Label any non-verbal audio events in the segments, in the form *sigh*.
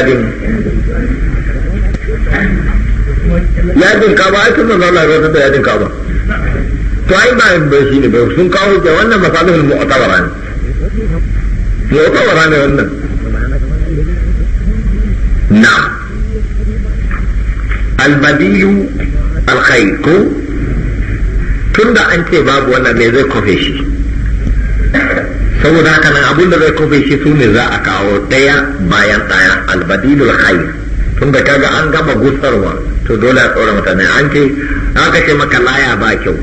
abin yajin kaba ai tun manzo Allah ya da yajin kaba to ai ba ba shi ne ba sun kawo da wannan masalihul mu'tabara ne mu'tabara ne wannan na albadiyu alkhair tun da an ce babu wannan ne zai kofe shi saboda haka nan abinda zai kofe shi su ne za a kawo ɗaya bayan ɗaya albadilul khair tun da kaga an gama gusarwa to dole a tsora mutane an ce aka ce maka laya ba kyau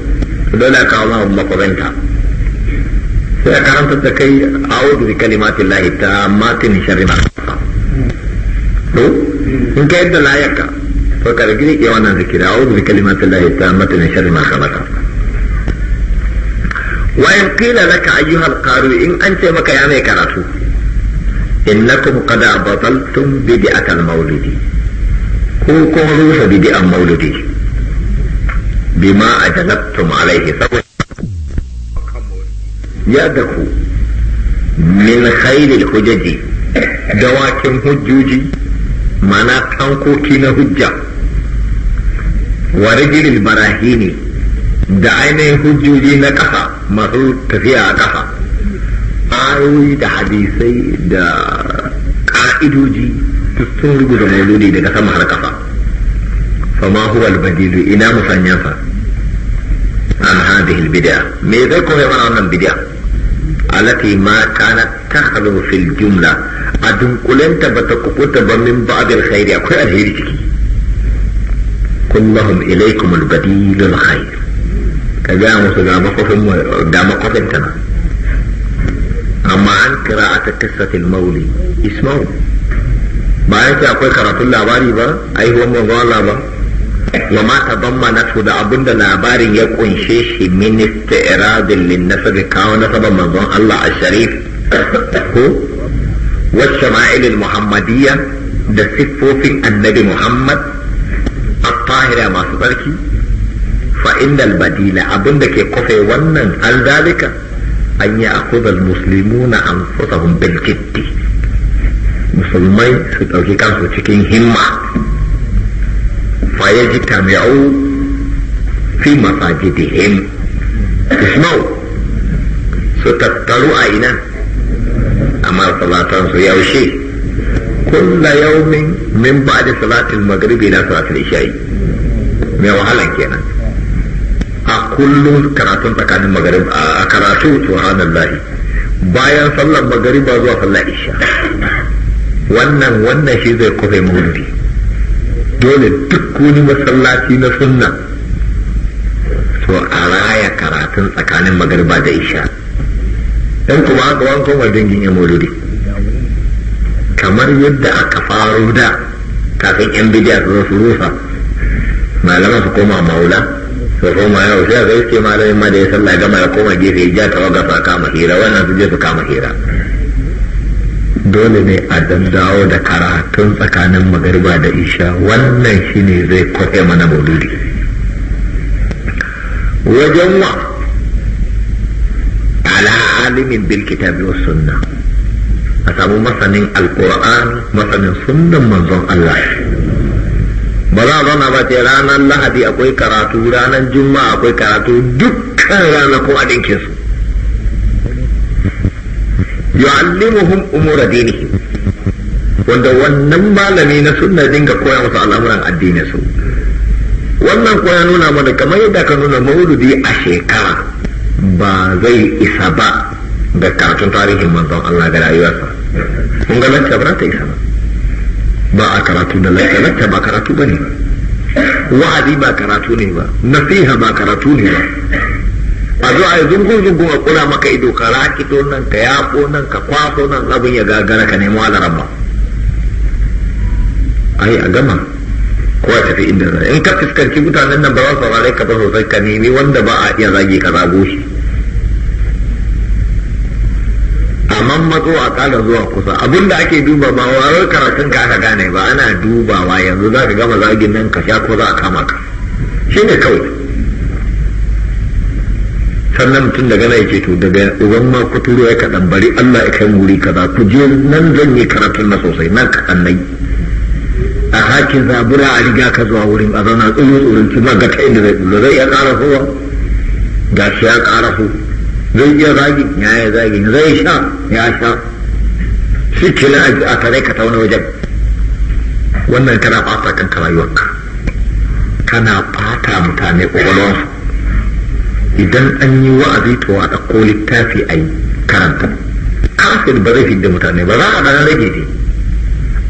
to dole a kawo ma makwabinta sai a karanta da kai a'udhu bi kalimatillahi tammatin sharri ma to in ka yadda layaka to ka rigi ke wannan zikira a'udhu bi kalimatillahi tammatin sharri ma khalaqa wa in naka laka ayyuhal qari in an ce maka ya mai karatu innakum qad abataltum bid'atal maulidi ko kun rusa bid'an maulidi bima ajalabtum alaihi saboda ya da ku min khairil hujaji dawakin hujjoji mana tankoki na hujja wa rajulil barahini da ainihin hujjoji na kafa masu tafiya a ƙasa ayoyi da hadisai da ƙa'idoji sun da mauludi daga sama har ƙasa fama huwa albadilu ina sa an hadhihi albid'a me zai koya mana wannan bid'a alati ma kanat takhlu fil jumla a dunkulenta bata kukuta ba min ba'd alkhairi akwai alheri ciki kullahum ilaykum albadilu alkhair تجامس ذا مقف ذا مقف تمام أما عن قراءة قصة المولي اسمه ما يتي أقول قراءة اللاباري با أي هو مظالة با وما تضمنته ده أبن ده لاباري يكون شيش من استئراد للنسب كاو نسب منظوم الله الشريف هو والشمائل المحمدية ده صفوف النبي محمد الطاهرة ما سبركي فإن البديل أبن دكي قفي ونن هل ذلك أن يأخذ المسلمون أنفسهم بالجد مسلمين ستوكي كانوا تشكين همة فيجتمعوا في مساجدهم اسمعوا ستتطلوا أين أما صلاة يوشي كل يوم من بعد صلاة المغرب إلى صلاة العشاء mai wahalan يعني. kullum karatun tsakanin magarib a karatu subhanallahi bayan sallar magariba zuwa sallar isha wannan wannan shi zai kofe mahudi dole duk wani masallaci na sunna to a raya karatun tsakanin magariba da isha dan kuma haka wankon wajen ya mauludi kamar yadda aka faro da kafin yan bidiyar su su rusa malaman su koma maula to ma yau sai zai ce malamin ma da ya sallah gama ya koma gefe ya ja tawaga fa kama hira wannan su je su kama hira dole ne a dandawo da karatun tsakanin magariba da isha wannan shine zai kwafe mana mauludi wajen wa ala alimin bil kitabi was sunna a samu masanin alqur'ani masanin sunnan manzon Allah ba za a zauna ba sai ranar lahadi akwai karatu ranar juma'a akwai karatu dukkan ranar a dinkin su yu'allimuhum umura dini. wanda wannan malami na sunna dinga koya musu al'amuran addinin su wannan koya nuna mana kamar yadda ka nuna mauludi a shekara ba zai isa ba da karatun tarihin manzon Allah da rayuwarsa mun ga ba ta isa ba ba a karatu da lakka ba karatu ba ne wa'azi ba karatu ne ba nasiha ba karatu ne ba a zo a yi zungun zungun a kula maka ido ka rakito nan ka yaƙo nan ka kwaso nan abin ya gagara ka nemo alaran ba ai a gama ko a tafi inda in ka fuskanci mutanen nan ba za su ka ba sosai ka nemi wanda ba a iya zage ka zago shi saman mammatso a ƙara zuwa kusa abinda ake duba ba wa karatun ka aka gane ba ana dubawa yanzu za ka gama zagin nan ka sha ko za a kama ka shi ne kawai sannan mutum daga nan yake to daga uban ma ku turo ya kaɗan bari Allah ya kai wuri kaza ku je nan zan yi karatun na sosai nan kaɗan nai a hakin zabura a riga ka zuwa wurin a zauna tsoro tsoron ki ga ta inda zai zai ya ƙara kowa ga shi ya ƙara kowa zai iya zagi ya yi zagi zai sha ya sha shi ke na a tare ka tauna wajen wannan kana fata kan rayuwarka kana fata mutane ƙwaƙwalwarsu idan an yi wa'azi to a ɗauko littafi a yi karanta kafin ba zai fi da mutane ba za a ɗan rage ne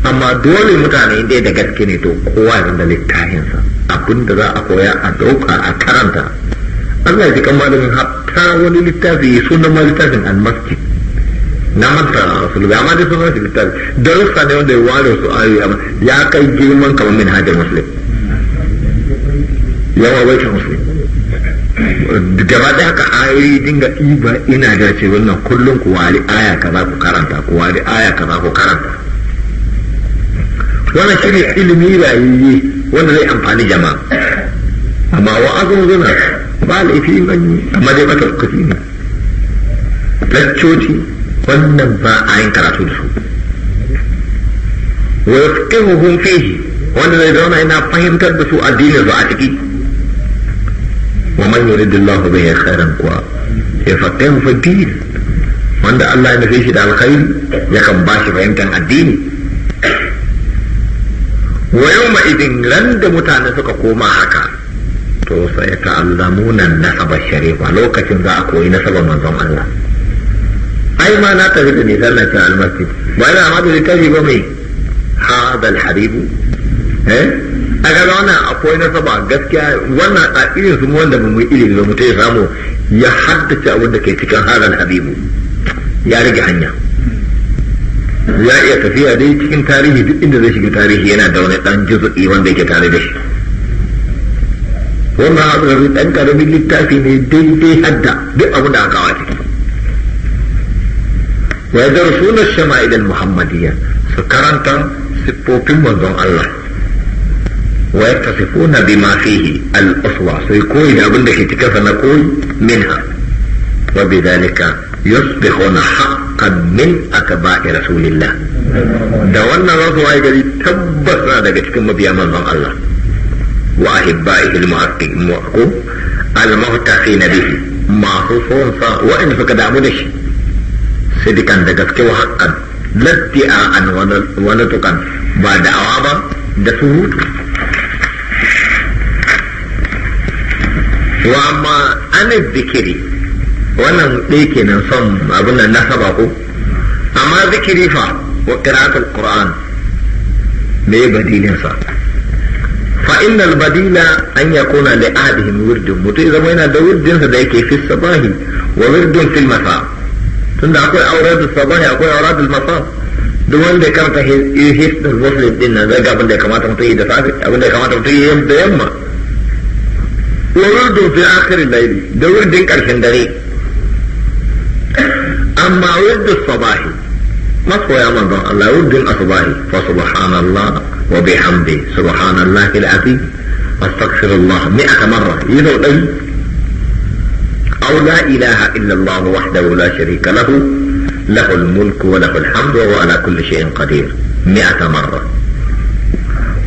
amma dole mutane inda da gaske ne to kowa ya da littafinsa abinda za a koya a ɗauka a karanta Allah ji kama da hatta wani littafi ya sunan ma littafin almasjid na manta rasul bai amma dai sunan shi littafi da darussa ne wanda ya ware su ayoyi amma ya kai girman kamar min hajjar muslim ya wa ta muslim gaba da haka ayoyi dinga iba ina da ce wannan kullum ku wari aya ka za ku karanta ku wari aya ka za ku karanta wannan shine ilimi rayuwa wanda zai amfani jama'a amma wa'azin zuna ba laifi ban yi amma dai baka kafi ne laccoci wannan ba a yin karatu da su wa yafqihuhum fihi wanda zai zauna yana fahimtar da su addinin su a ciki wa man yuridillahu bihi khairan kuwa yafaqihu fi din wanda Allah ya nufi shi da alkhairi kan ba shi fahimtar addini wa yawma idin ran da mutane suka koma haka to sai na nasaba sharifa lokacin za a koyi nasabar manzon Allah ai ma na tafi da nisan na ta almasjid ba ina ma da kaji ba mai hadal haribu eh a ga wannan akwai nasaba gaskiya wannan a irin su wanda mu yi irin da ya samu ya haddace abin da ke cikin hadal habibu ya rage hanya ya iya tafiya dai cikin tarihi duk inda zai shiga tarihi yana da wani dan juzu'i wanda yake tare da shi wannan abu da dan karamin littafi ne daidai hadda duk abin da aka wace wa yadrusuna shama'il al-muhammadiyya su karanta siffofin manzon Allah wa bi ma fihi al sai koyi da abin da ke cikin na koyi minha wa bidalika na haqqan min akba'i rasulillah da wannan zasu waye gari tabbas daga cikin mabiya manzon Allah وأحبائه المحققون المعتقين به معروفون ف وإن فقد عبدش صدقا دقتك وحقا لا ادعاء بعد عوابا دفوت وأما أنا الذكري وأنا ليكن صم أبونا نصبه أما ذكري ف وقراءة القرآن ما يبدي صح fa innal badila an yakuna li ahadihim wirdun mutum zama yana da wirdin sa da yake fi sabahi wa wirdun fil masa tunda akwai auratul sabahi akwai auratul masa duk wanda karanta hisdar muslim din nan zai ga abin da ya kamata mutum yi da safe abin da ya kamata mutum yi da yamma wa wirdun fi akhirin layli da wirdin karshen dare amma wirdus sabahi ما يا مرضى الله يود الأفضل فسبحان الله وبحمده سبحان الله العظيم أستغفر الله مئة مرة يدعو لي أو لا إله إلا الله وحده لا شريك له له الملك وله الحمد وهو على كل شيء قدير مئة مرة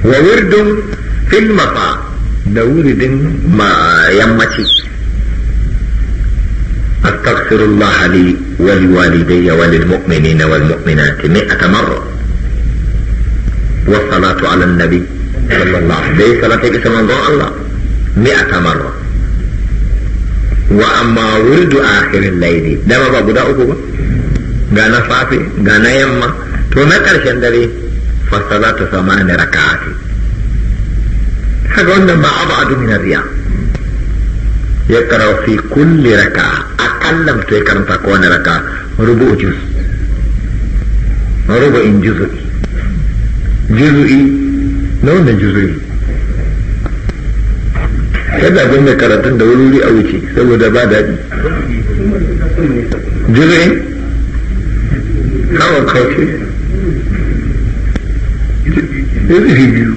وورد في المطاع نورد ما يمتي أستغفر الله لي ولوالدي وللمؤمنين والمؤمنات مئة مرة والصلاة على النبي صلى الله عليه وسلم صلاة كما الله مئة مرة وأما ورد آخر الليل ده ما بقول أقوى غانا صافي غانا يما تو نكر شندري فالصلاة ثمان ركعات هذا ما أبعد من الرياء يقرأ في كل ركعة Allah mutu ya karanta ko wani raka rubu juz rubu in juzu juzu'i na wannan juzu'i kada abin da karatun da wuri a wuce saboda ba daɗi juzu'i kawai kauce juzu'i biyu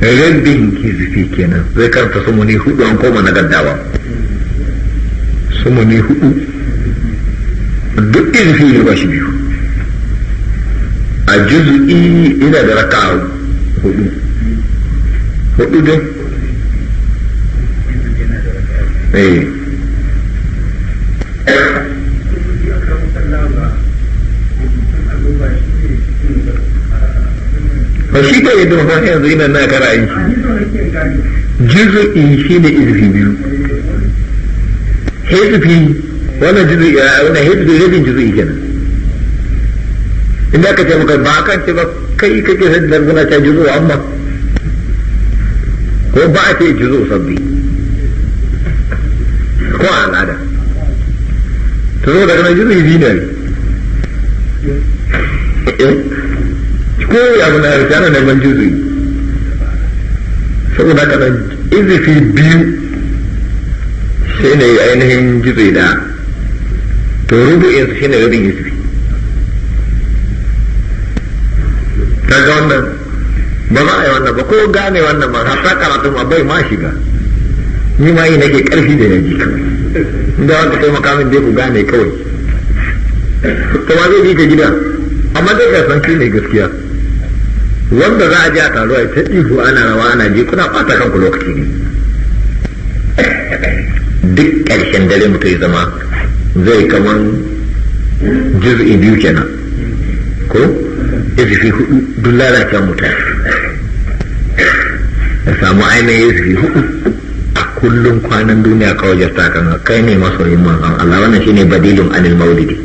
rabin kizifi kenan zai karanta su muni hudu an koma na gaddawa sama ne hudu duk izifi ne ba shi biyu a juz'i ina da raka hudu hudu dai eh ba shi ka yi domin yanzu ina na kara aiki juzu'i shi ne biyu hizbi wannan juzu'i eh, wannan hizbi rabin juzu'i kenan inda aka ce maka ba kan ce ba kai kake sai da ta juzu amma ko ba a ce juzu sabbi ko al'ada to zo daga juzu'i biyu ne ko abu na rikana neman juzu'i saboda haka izifi biyu shi ne ainihin jizai da to rubu'insa shi ne rabin ta ga wannan ba za a yi wannan ba ko gane wannan ba hasa karatun ma bai ma shiga ni ma yi ke karfi da yaji kawai inda wanda kai makamin bai ku gane kawai kuma zai bi ka gida amma zai ka san ne gaskiya wanda za a ji a taro a ta ihu ana rawa ana ji kuna ɓata kanku lokaci ne duk ƙarshen dare mutum ya zama zai kaman juz'i biyu kenan ko izifi hudu duk lalata mutum ya samu ainihin izifi hudu a kullum kwanan duniya kawai jasta kan kai ne masoyin manzon Allah wannan shine badilin anil maulidi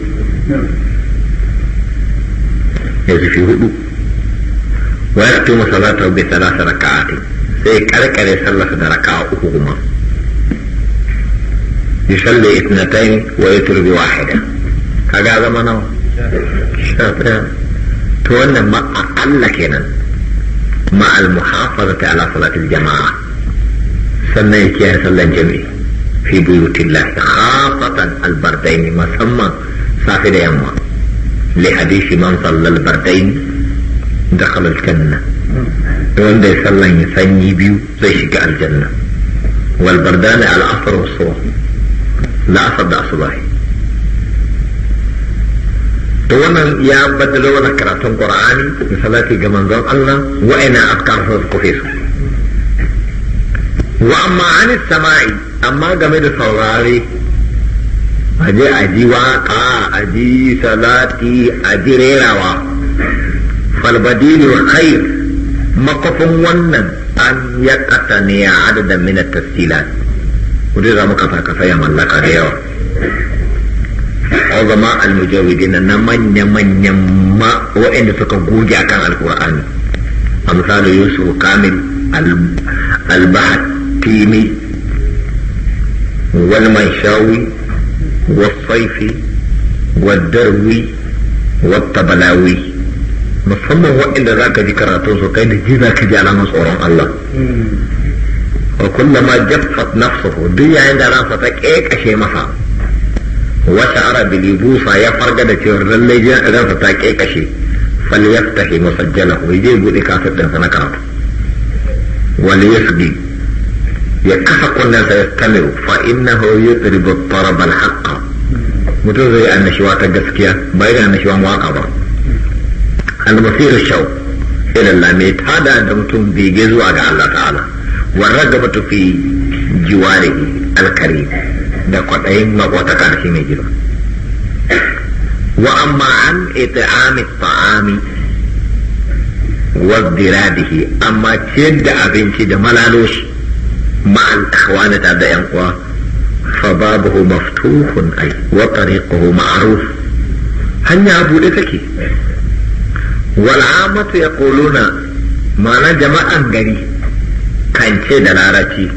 izifi hudu wa yaktumu salatahu bi thalath raka'atin sai karkare sallarsa da raka'a uku kuma يصلي اثنتين ويتر بواحدة هذا ما نوع تولى ما أقل كنا مع المحافظة على صلاة الجماعة سنة يا صلى الجميع في بيوت الله خاصة البردين ما مسمى سافر يما لحديث من صلى البردين دخل الجنة وين يصلي يسني بيو زي الجنة والبردان على أثر والصور la'asar da asubahi to wannan ya baddala wani karatun qur'ani da salati ga manzon Allah wa ina afkar su kufe su wa amma an samai amma game da saurari a je a ji waƙa a ji salati a ji rerawa wa khair makafin wannan an ya ƙasa ne a adadin minar tasilat ku za zama kasa kasa ya mallaka da yawa azama almujawidina na manya manyan ma waɗanda suka goge akan a amsalu yusuf kamil albahatimi wal manshawi wal saifi wadarwi darwi wal tabalawi musamman waɗanda za ka ji karatun su kai da ji za ka ji alamun tsoron Allah hmm. وكلما جفت نفسه دي عند رافتك ايك اشي مها وشعر باليبوسة يفرق دا تيورن لي رافتك ايك اشي فليفتح مسجله ويجيب الإكاسة تنسنا كرات وليسقي يكفق الناس يستمع فإنه يطرب الطرب الحق متوزي النشوة تجسكيا بايدا أن النشوة مواقبة المصير الشوق إلى اللاميت هذا أنتم بجزوة على الله تعالى والرغبة في جواره الكريم ده قد أين مقوتك في مجرى وأما عن إطعام الطعام وازدراده أما تشد أبن شد ملالوش مع الإخوان تابع ينقوى فبابه مفتوح أي وطريقه معروف هني أبو لتكي والعامة يقولون ما جماعا قريب kance da larabci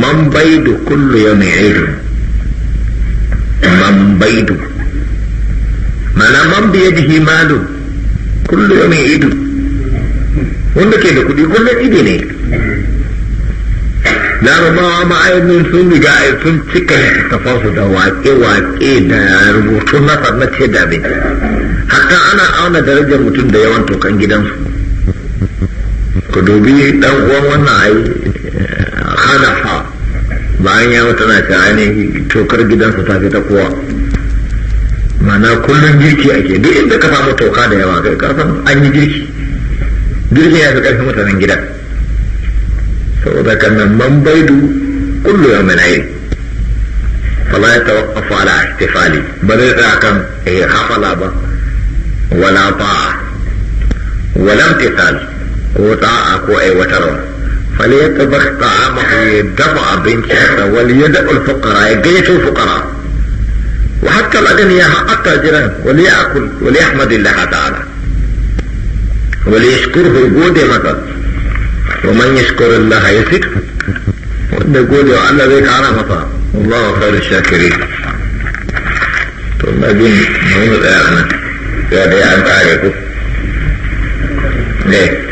man baidu kullu ya mai aidu man baidu mana man biya jihi malu kullu ya mai aidu wanda ke da kudi kullum ido ne larabawa ma'aibin sun riga sun cika littattafansu da wake-wake da rubutu na ce da bai hakan ana auna darajar mutum da yawan tokan gidansu ku dubi dan uwan wannan ai hanafa bayan ya mutu na ta ne tokar gidansa ta fi ta kowa mana kullum girki ake duk inda ka samu toka da yawa kai karfan an yi girki girki ya fi karfin mutanen gidan saboda kan nan man baidu kullu ya mana nayi fala ya tawaffa ala ihtifali ba zai tsaya kan eh, hafala ba wala ta'a wala imtisali وطاعة وأيوتر فليطبخ طعامه يدفع بنشاته وليدع الفقراء يجيش الفقراء وحتى الأغنياء حتى جيران وليأكل وليحمد الله تعالى وليشكره جود مثلا ومن يشكر الله يشكر وده جود وعلى ذلك على مثلا والله خير الشاكرين ثم دين مهم الآخر يا بيان تعاليكم ليه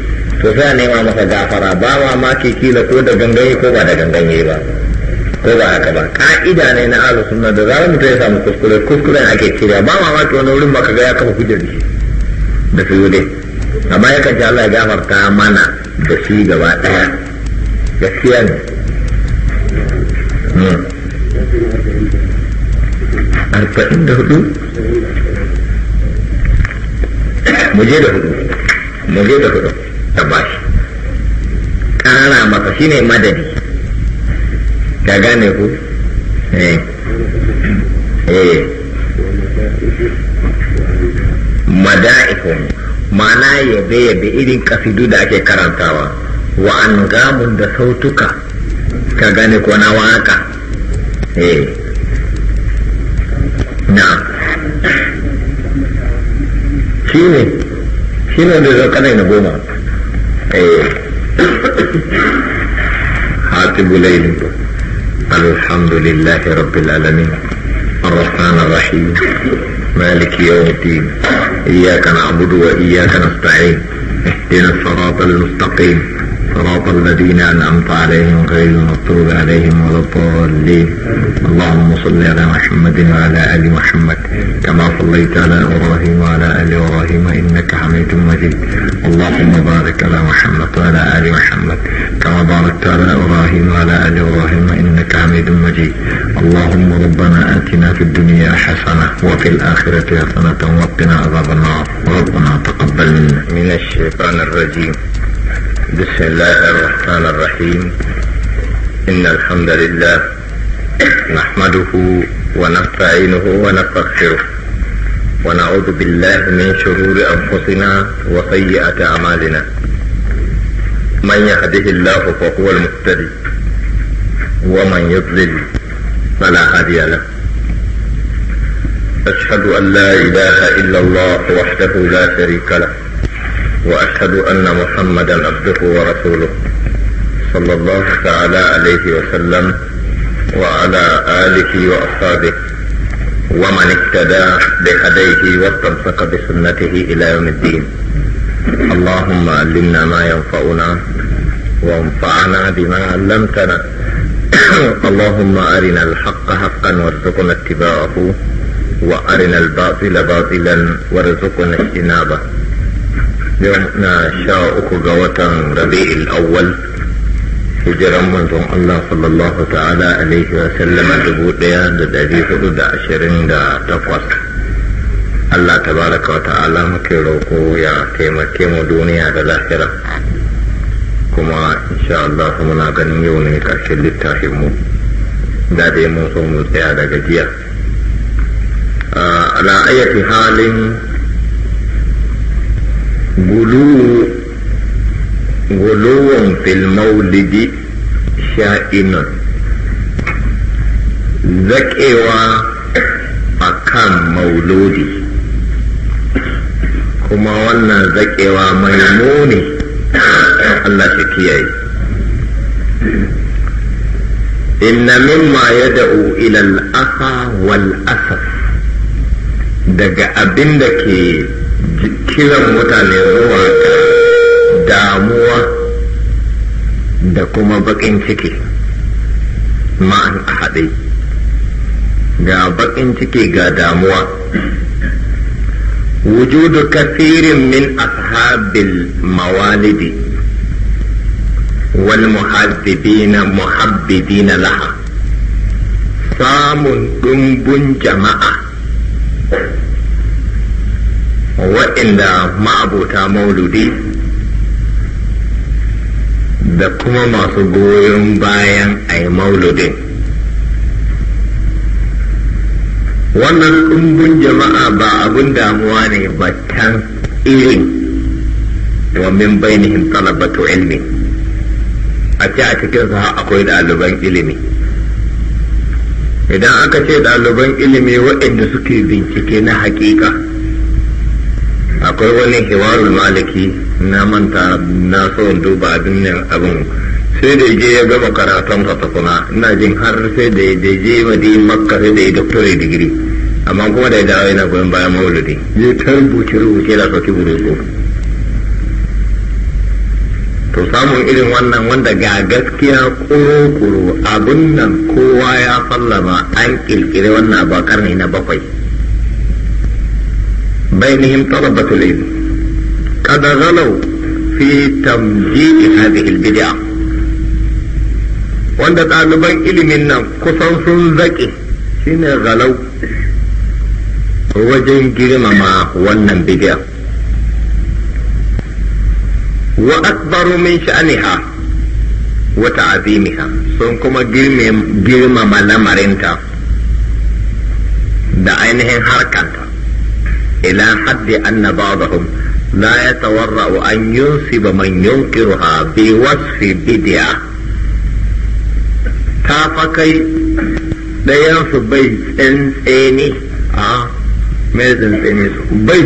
to sai a nema masa gafara ba ma ma ke kila ko da ganganye ko ba da ganganye ba ko ba haka ba ka'ida ne na ahlus sunna da zarar mutum ya samu kuskure kuskuren ake kira ba ma ma ke wani wurin baka ga ya kafa hujjar da shi da su dai amma ya kace Allah ya gafarta mana da shi gaba daya gaskiya ne hmm. arba'in da hudu mu je da hudu mu je da hudu ta bashi maka shi shine madadi ka gane ku eh eh mada'ikun ma'ana yabe yabe irin kafidu da ake karantawa wa an gamun da sautuka ka gane ko na waka eh na shi ne shi ne da zo kanai na goma خاتب إيه. *coughs* ليل الحمد لله رب العالمين الرحمن الرحيم مالك يوم الدين إياك نعبد وإياك نستعين اهدنا الصراط المستقيم صراط الذين أنعمت عليهم غير المغضوب عليهم ولا الضالين اللهم صل على محمد وعلى آل محمد كما صليت على إبراهيم وعلى آل إبراهيم إنك حميد مجيد اللهم بارك على محمد وعلى آل محمد كما باركت على إبراهيم وعلى آل إبراهيم إنك حميد مجيد اللهم ربنا آتنا في الدنيا حسنة وفي الآخرة حسنة وقنا عذاب النار ربنا تقبل منا من الشيطان الرجيم بسم الله الرحمن الرحيم إن الحمد لله نحمده ونستعينه ونستغفره ونعوذ بالله من شرور أنفسنا وسيئة أعمالنا من يهده الله فهو المهتدي ومن يضلل فلا هادي له أشهد أن لا إله إلا الله وحده لا شريك له واشهد ان محمدا عبده ورسوله صلى الله تعالى عليه وسلم وعلى اله واصحابه ومن اهتدى بهديه واستمسك بسنته الى يوم الدين اللهم علمنا ما ينفعنا وانفعنا بما علمتنا اللهم ارنا الحق حقا وارزقنا اتباعه وارنا الباطل باطلا وارزقنا اجتنابه na sha uku ga watan rabi'il awwal hijiran manzon Allah sallallahu ta'ala alaihi wa sallama dubu ɗaya da dari hudu da ashirin da takwas Allah tabaraka wa ta'ala muke roƙo ya taimake mu duniya da lahira kuma insha Allah muna ganin yau ne ƙarshen littafin mu da dai mu tsaya daga jiya ala ayati halin غلو في المولد شائن zaƙewa akan mauludi kuma wannan zaƙewa mai muni Allah shi kiyaye inna mimma ya da'u ilal asa wal asaf daga abin da ke kiran mutane zuwa ga damuwa da kuma bakin ciki ma'an a haɗe ga bakin ciki ga damuwa wujudu kafirin min ashabil mawalidi wal muhabbibina muhabbidina laha samun ɗumbun jama'a waɗanda ma'abota mauludi da kuma masu goyon bayan a yi mauludin wannan ɗumbin jama'a ba abin damuwa ne ba can irin domin bainihin talabatu ilmi a ce a cikin sa akwai ɗaliban ilimi idan aka ce ɗaliban ilimi waɗanda suke bincike na hakika. akwai wani hiwarul maliki na manta na so duba abin nan abin sai da je ya gama karatun ka tafuna ina jin har sai da ya je madina makka sai da ya doctorate digiri amma kuma da ya dawo yana goyon baya maulidi ya ta rubuce rubuce da sauki burutu to samun irin wannan wanda ga gaskiya kuro-kuro abin nan kowa ya fallama an kirkiri wannan abakar ne na bakwai بينهم طلبة العلم قد غلوا في تمجيد هذه البدع wanda ɗaliban ilimin nan kusan sun zaƙe shine galau wajen girmama wannan bidiya wa akbaru min sha'aniha wa ta'azimiha sun kuma girmama lamarinta da ainihin harkan. إلى حد أن بعضهم لا يتورأ أن ينسب من ينكرها بوصف بدعة تافكي لا ينسب بيت إنساني آه mai tsantsane su bai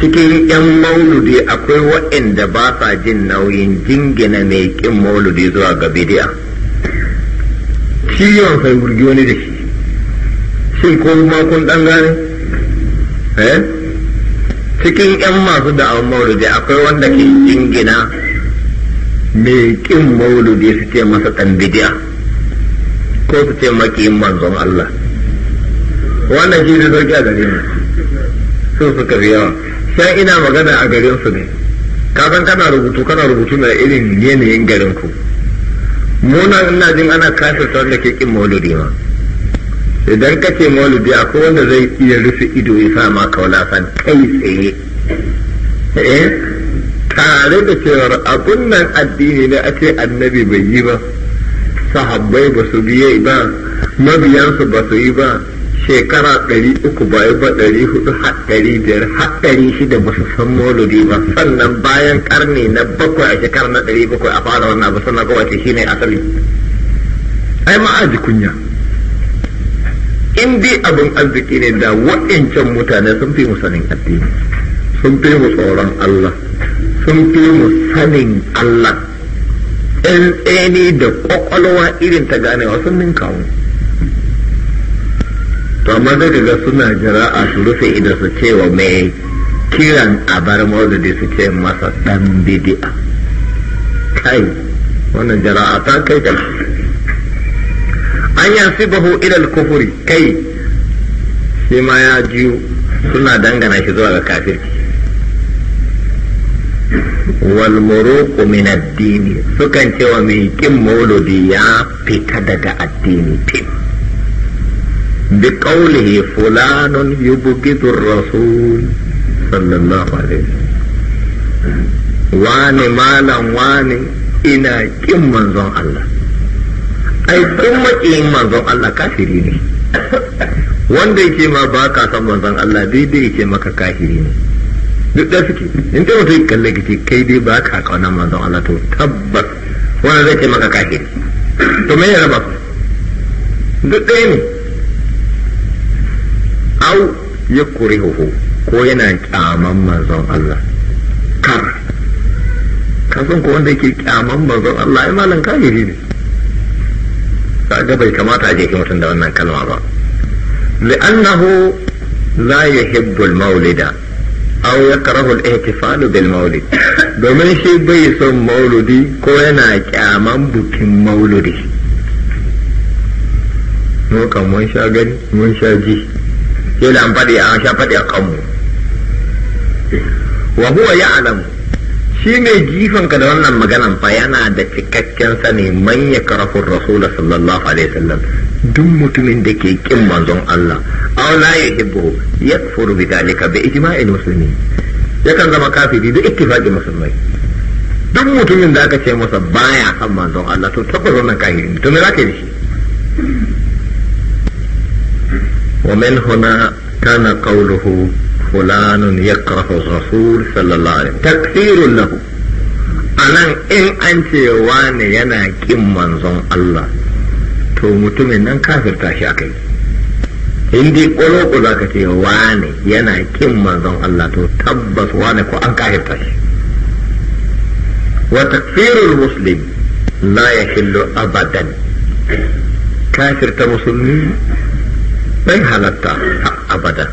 cikin 'yan mauludi akwai wa'inda ba sa jin nauyin jingina mai kin mauludi zuwa ga bidiya ciyon sai wurgi wani da shi shin ko ma kun dan gane eh cikin yan masu da'awar mauludi akwai wanda ke jingina mai kin mauludi su ce masa dan bidiya ko su ce makiyin manzon Allah wannan shi ne sauki a gare su su ka fi yawa sai ina magana a garin su ne kasan kana rubutu kana rubutu na irin yanayin garin ku mu na ina jin ana kafirta wanda ke kin mauludi ma idan ka ce maulidi akwai wanda zai iya rufe ido ya sa ma kaulafan kai tsaye eh tare da cewar abun nan addini ne a ce annabi bai yi ba sahabbai ba su biye ba mabiyansu ba su yi ba shekara ɗari uku bai ba ɗari hudu haɗari biyar haɗari shida ba su san maulidi ba sannan bayan karni na bakwai a shekara na ɗari bakwai a fara wannan abu sannan kowace shine asali ai ma'aji kunya in dai abin arziki ne da wa'ancan mutane sun fi mu addini sun fi mu tsoron Allah sun fi mu sanin Allah in tsaye da kwakwalwa irin ta ganewa sun ninka kawo to amma zai daga suna a su rufe idan su ce wa mai kiran a bar da su ce masa dan bidi'a kai wannan jara'a ta kai an yansibahu bahu ilal kufuri kai shi ma ya jiyo suna dangana shi zuwa ga kafirci wal muruqu min addini sukan cewa mai kin mauludi ya fita daga addini tin bi qawlihi fulanun yubghidu ar-rasul sallallahu alaihi wani malam wani ina kin manzon Allah ai duk makiyin manzon Allah kafiri ne wanda yake ma ba ka san manzon Allah daidai yake maka kafiri ne duk da suke in ta mutu kalle kace kai dai ba ka kauna manzon Allah to tabbas wanda zai ce maka kafiri to me ya raba duk dai ne au ya kurihuhu ko yana kyaman manzon Allah kar ka san ko wanda yake kyaman manzon Allah ai malan kafiri ne kaga bai kamata a ki mutum da wannan kalma ba li'annahu la yuhibbu al-maulida aw yakrahu al-ihtifal bil maulid domin shi bai son mauludi ko yana kyaman bukin mauludi mu kan mun sha gani mun sha ji sai da an faɗi a sha faɗi a kanmu wa huwa ya'lamu shi mai jifanka da wannan maganan fa yana da cikakken sani man ya karafin rasul sallallahu alaihi wasallam duk mutumin da ke kin manzon Allah aw la yuhibbu yakfuru bi dalika bi ijma'il muslimin yakan zama kafiri da ittifaqi musulmai duk mutumin da aka ce masa baya san manzon Allah to tabbas wannan kafiri to me zaka yi shi wa min huna kana qawluhu fulanun yakrahu rasul sallallahu alaihi takfirun lahu anan in an ce wane yana kin manzon Allah to mutumin nan kafirta shi akai in dai kwalo za ka ce wane yana ƙin manzon Allah to tabbas wane ko an kafirta shi wa takfirul muslim la yahillu abadan kafirta musulmi bai halatta abadan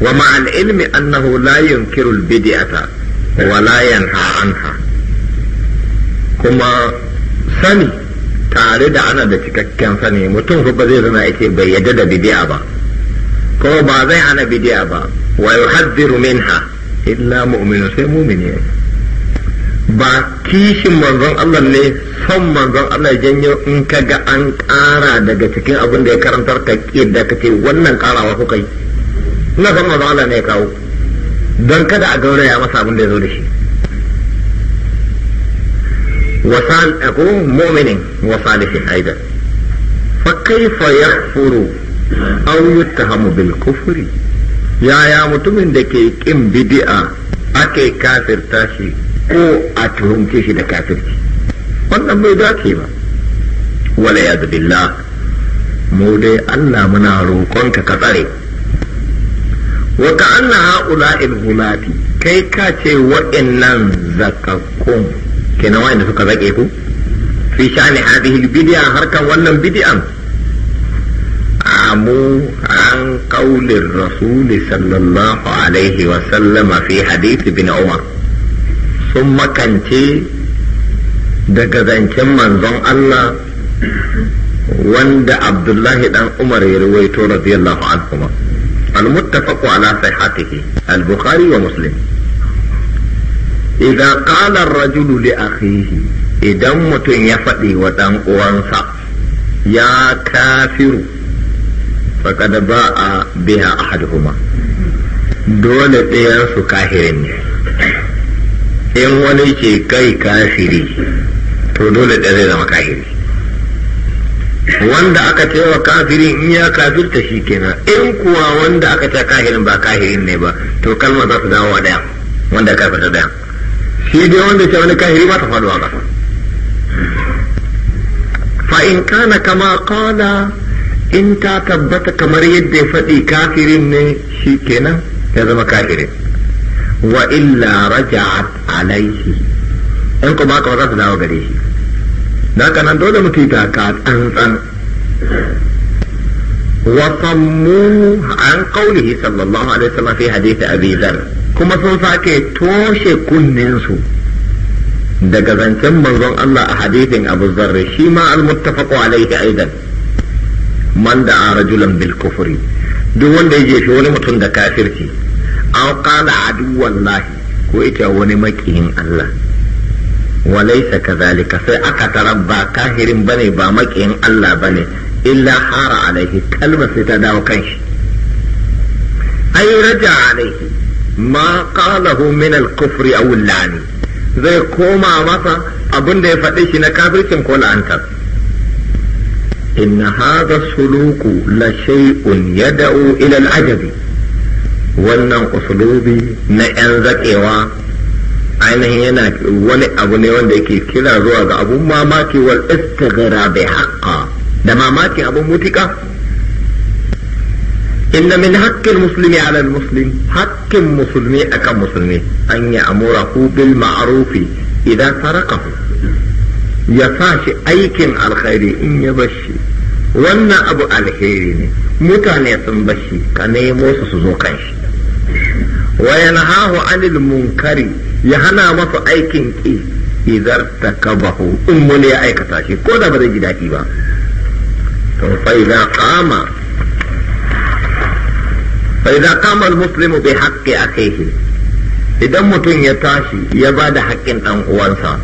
ومع العلم أنه لا ينكر البدعة ولا ينهى عنها كما sani tare da ana da cikakken sani mutum ba zai zama yake bai yadda da bidiya ba ko hana bidiya ba wa yuhaddiru ba kishin manzon Allah ne son manzon Allah janyo in kaga an ƙara daga cikin abin ya karantar ka da kace wannan ƙarawa kuka na san maza Allah ne ya kawo don kada a gauraya masa abin da ya zo da shi wasan aku eh, mu'minin wa salihin aida fa kaifa yakfuru aw yuttahamu bil kufri yaya mutumin da ke kin bid'a ake kafirta shi ko a tuhumce shi da kafirci wannan bai dace ba wala yadu billah mu dai Allah muna rokonka ka tsare wa ka'anna ha'ula'il kai ka ce wa'annan zakakkun kenan wa'anda suka zake ku fi shani hadhihi bid'a harka wannan a mu an qaulin rasuli sallallahu alaihi wa sallama fi hadith bin umar sun makance daga zancen manzon Allah wanda Abdullahi dan Umar ya ruwaito radiyallahu anhu المتفق على صحته البخاري ومسلم إذا قال الرجل لأخيه إذا مت يفدي ودن أوانسا يا كافر فقد باء بها أحدهما دول ɗayansu kafirin ne in wani ce kai kafiri to dole ɗaya zai wanda aka ce wa kafirin in ya kafirta shi kenan in kuwa wanda aka ce kahirin ba kahirin ne ba to kalma za su dawo daya wanda ya kafirta daya shi dai wanda ce wani kahiri ba ta faduwa ba fa in kana kama qala in ta tabbata kamar yadda ya faɗi kafirin ne shi kenan ya zama kafirin wa illa raja'at alaihi in kuma ka ba za su dawo gare shi da haka nan dole ta ka tsantsan وصموا عن قوله صلى الله عليه وسلم في حديث أبي kuma كما toshe kunnen su daga zancen manzon Allah a hadithin Abu Zarri shi ma al-muttafaqu alaihi aidan man da rajulan bil kufri duk wanda ya shi wani mutum da kafirci aw qala aduwallahi ko ita wani makiyin Allah walaisa kazalika sai aka tara ba kahirin bane ba makiyin Allah bane illa hara alaihi kalmar sai ta dawo shi. ai raja alaihi ma qalahu min al-kufri aw al-la'ni zai koma masa abin da ya faɗi shi na kafircin ko la'antar inna hadha suluku la shay'un yad'u ila al-ajabi wannan uslubi na yan zakewa ainihin yana wani abu ne wanda yake kira zuwa ga abun mamaki wal istighra bi haqqa da mamaki abun mutika inna min haqqil muslimi ala al muslim haqqin muslimi akan muslimi an ya amurahu bil ma'ruf idan saraka ya fashi aikin alkhairi in ya bashi wannan abu alheri ne mutane sun bashi ka nemo su su zo kanshi wa yanhahu anil munkari ya hana masa aikin ki idan takabahu in wani ya aikata shi ko da ba zai ji daɗi ba to fa idan qama fa idan muslimu bi haqqi akhihi idan mutum ya tashi ya ba da haƙƙin ɗan uwansa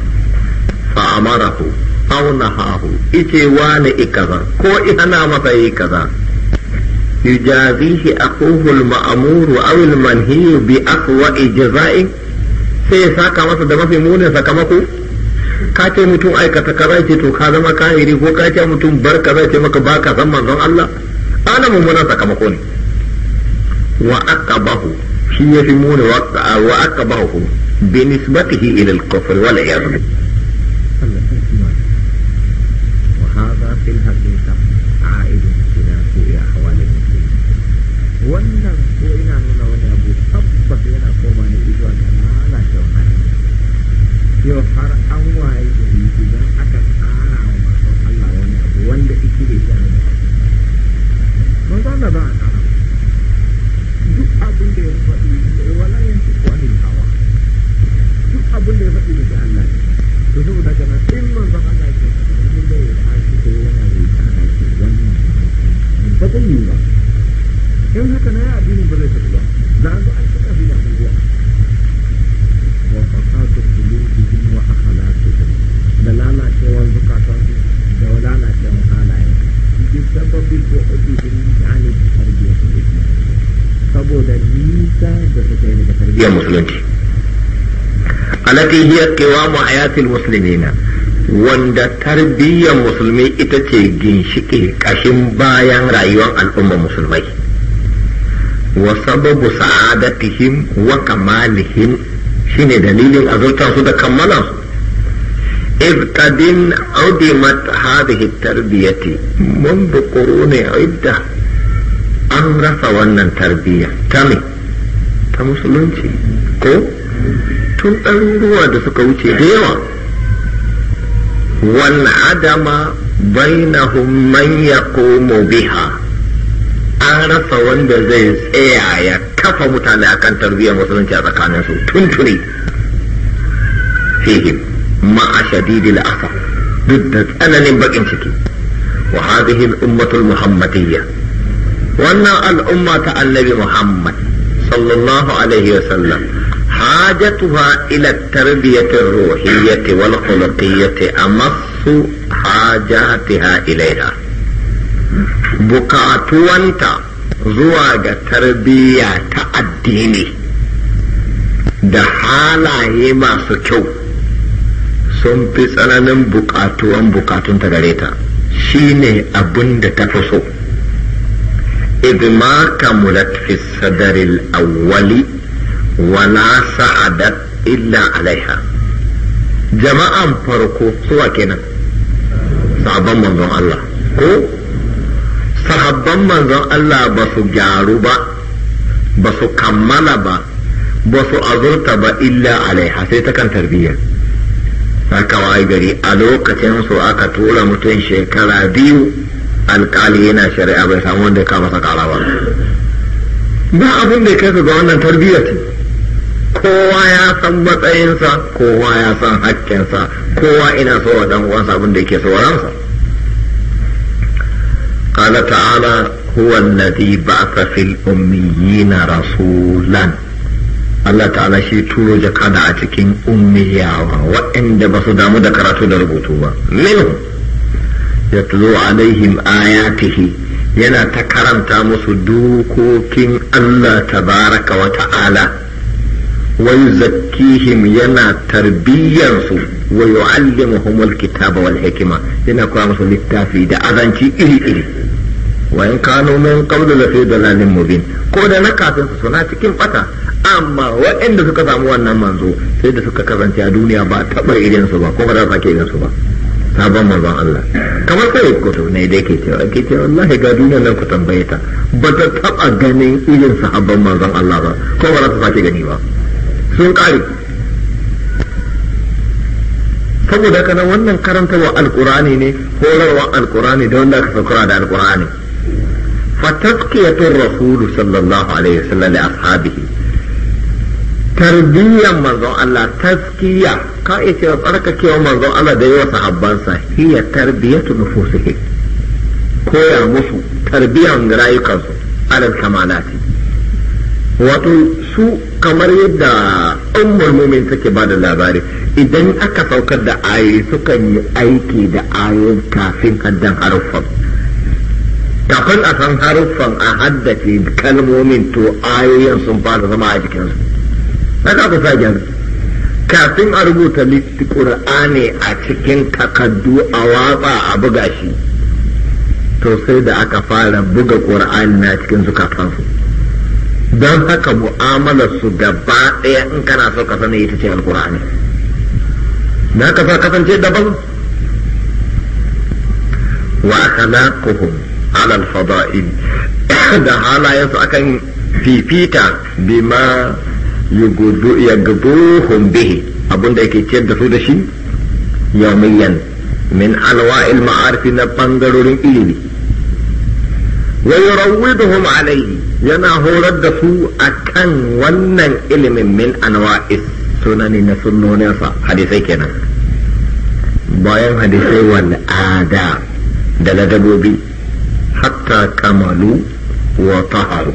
fa amarahu aw nahahu ice wani ikaza ko ihana masa yi kaza yujazihi akuhu al-ma'muru aw al-manhiyu bi aqwa ijza'i sai ya saka masa da mafi munin sakamako ka ce mutum aikata kaza ce to ka zama kahiri ko ka ce mutum bar kaza ce maka ba ka san manzon Allah ana mummunan sakamako ne wa aqabahu shi yafi munin wa aqabahu bi nisbatihi ila al-kufr wal iyad yau har an waye gari idan aka tsara wa masu Allah wani abu wanda ike da shi a ba a tsara duk abin da ya alati hiya qiwamu hayatil muslimina wanda tarbiyyar musulmi ita ce ginshiƙe ƙashin bayan rayuwar al'ummar musulmai wa sababu sa'adatihim wa kamalihim shine dalilin azurtar su da kammala إذ قد عدمت هذه التربية منذ قرون عدة an rasa wannan tarbiyya ta me ta musulunci ko tun ɗaruruwa da suka wuce da yawa wal adama bainahum man yaqumu biha an rasa wanda zai tsaya ya kafa mutane akan tarbiyyar musulunci a tsakanin su ture. fihim ma'a shadidil asa duk da tsananin bakin ciki wa hadhihi ummatul muhammadiyya wannan al'umma ta annabi muhammad sallallahu alaihi wa sallam حاجتها إلى التربية الروحية والخلقية أمص حاجاتها إليها ga زواج تربية addini da halaye masu kyau sun fi tsananin bukatuwan bukatun ta gare ta shi ne abin da ta fi so idma kamulat fi sadaril wala sa'adat illa alaiha jama'an farko suwa kenan sabon manzon Allah ko sahabban manzon Allah ba su gyaru ba ba su kammala ba ba su azurta ba illa alaiha sai ta kan tarbiyya haka waye gari a lokacin su aka tura mutum shekara biyu alƙali yana shari'a bai samu wanda ya kama sa kara ba ba abin da ya ga wannan tarbiyya kowa ya san matsayinsa kowa ya san hakkinsa kowa ina so wa dan uwansa abin da yake so ransa قال تعالى هو الذي بعث في Allah ta'ala shi turo jakada a cikin ummiyawa waɗanda ba su damu da karatu da rubutu ba minhu ya tuzo alaihim ayatihi yana ta karanta musu dokokin Allah tabaraka wa ta'ala Wai zakihim yana tarbiyyansu wa yu'allimuhum alkitaba wal hikma yana koya musu littafi da azanci iri iri wa in kanu min qablu la fi dalalin mubin ko da na kafin su suna cikin fata. amma waɗanda suka samu wannan manzo sai da suka kasance a duniya ba taɓa irin su ba ko ba za sake irin su ba sabon manzon Allah kamar sai kutu ne da yake cewa ke cewa wallahi ga duniya nan ku tambaye ta ba ta taɓa ganin irin sahabban manzon Allah ba ko ba za su sake gani ba sun kare saboda kana wannan karantarwa alkurani ne horarwa alkurani da wanda aka saukara da alkurani fatakiyatun rasulu sallallahu alaihi wasallam li ashabihi tarbiyyar manzon Allah taskiya ka iya cewa tsarkakewa manzon Allah da yawa sahabbansa hiya tarbiyyatu nufusihim koya musu tarbiyyar rayukansu alal kamalati wato su kamar yadda ummul mumin take ba da labari idan aka saukar da ayoyi sukan yi aiki da ayin kafin haddan haruffan kafin a san haruffan a haddace kalmomin to ayoyin sun fara zama a jikinsu na ku sa kafin a rubuta litti ƙur'ani a cikin takaddu a watsa a buga shi to sai da aka fara buga ƙur'ani na cikin zukatansu don haka mu'amalar su gaba ɗaya in kana so ka sani ita ce alkur'ani da haka sa kasance daban wa akhlaquhum ala al-fada'il *coughs* da halayensu akan fifita bima yuguduhum bihi abinda yake ciyar da su da shi yawmiyan min alwa'il ma'arifi na bangarorin ilimi wa yurawwiduhum alayhi yana horar da su akan wannan ilimin min anwa'is sunani na sunnoninsa hadisai kenan bayan hadisai wal ada da ladabobi hatta kamalu wa taharu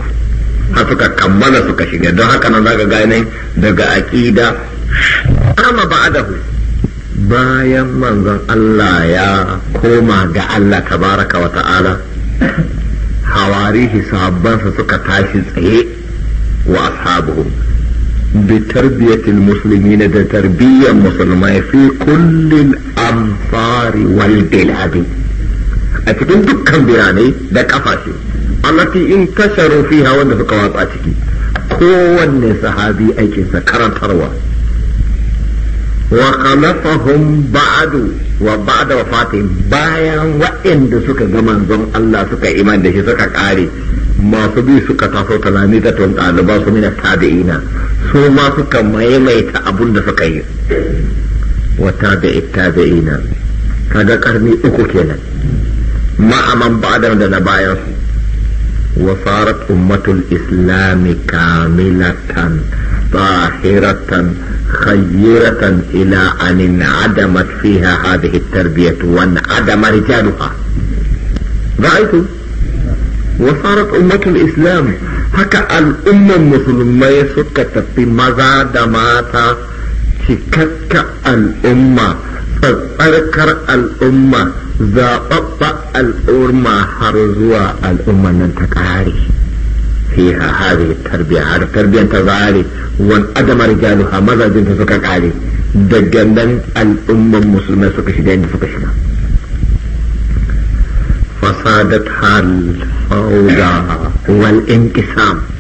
haka kammala suka shiga don haka nan zaka gane daga aqida amma bayan manzon Allah ya koma ga Allah tabaraka wa ta'ala hawarihi sahabbansa suka tashi tsaye wa ashabuhum bi tarbiyatil muslimin da tarbiyyar musulmai fi kullin amfari wal biladi a cikin dukkan birane da kafashe allati in tasharu fiha wanda suka watsa ciki kowanne sahabi aikinsa karantarwa wa khalafahum ba'du wa ba'da wafatihim bayan waɗanda suka ga manzon Allah suka iman da shi suka kare masu bi suka taso talami da tun ɗaliba su mina tabi'ina su ma suka maimaita abun da suka yi wa tabi'i tabi'ina kaga karni uku kenan ma'aman ba'da da na bayan su wa sarat ummatul islami kamilatan tahiratan خيرة إلى أن انعدمت فيها هذه التربية وانعدم رجالها رأيت وصارت أمة الإسلام هكا الأمة المسلمة يسكت تبي مزا دماتا تككا الأمة فأذكر الأمة ذا الأمة حرزوا الأمة ننتكاري فيها هذه التربية على التربية أنت وأن أدم رجالها ماذا جنت سكك علي دجنن الأمة المسلمة سكش دين سكشنا فصادتها الفوضى والانقسام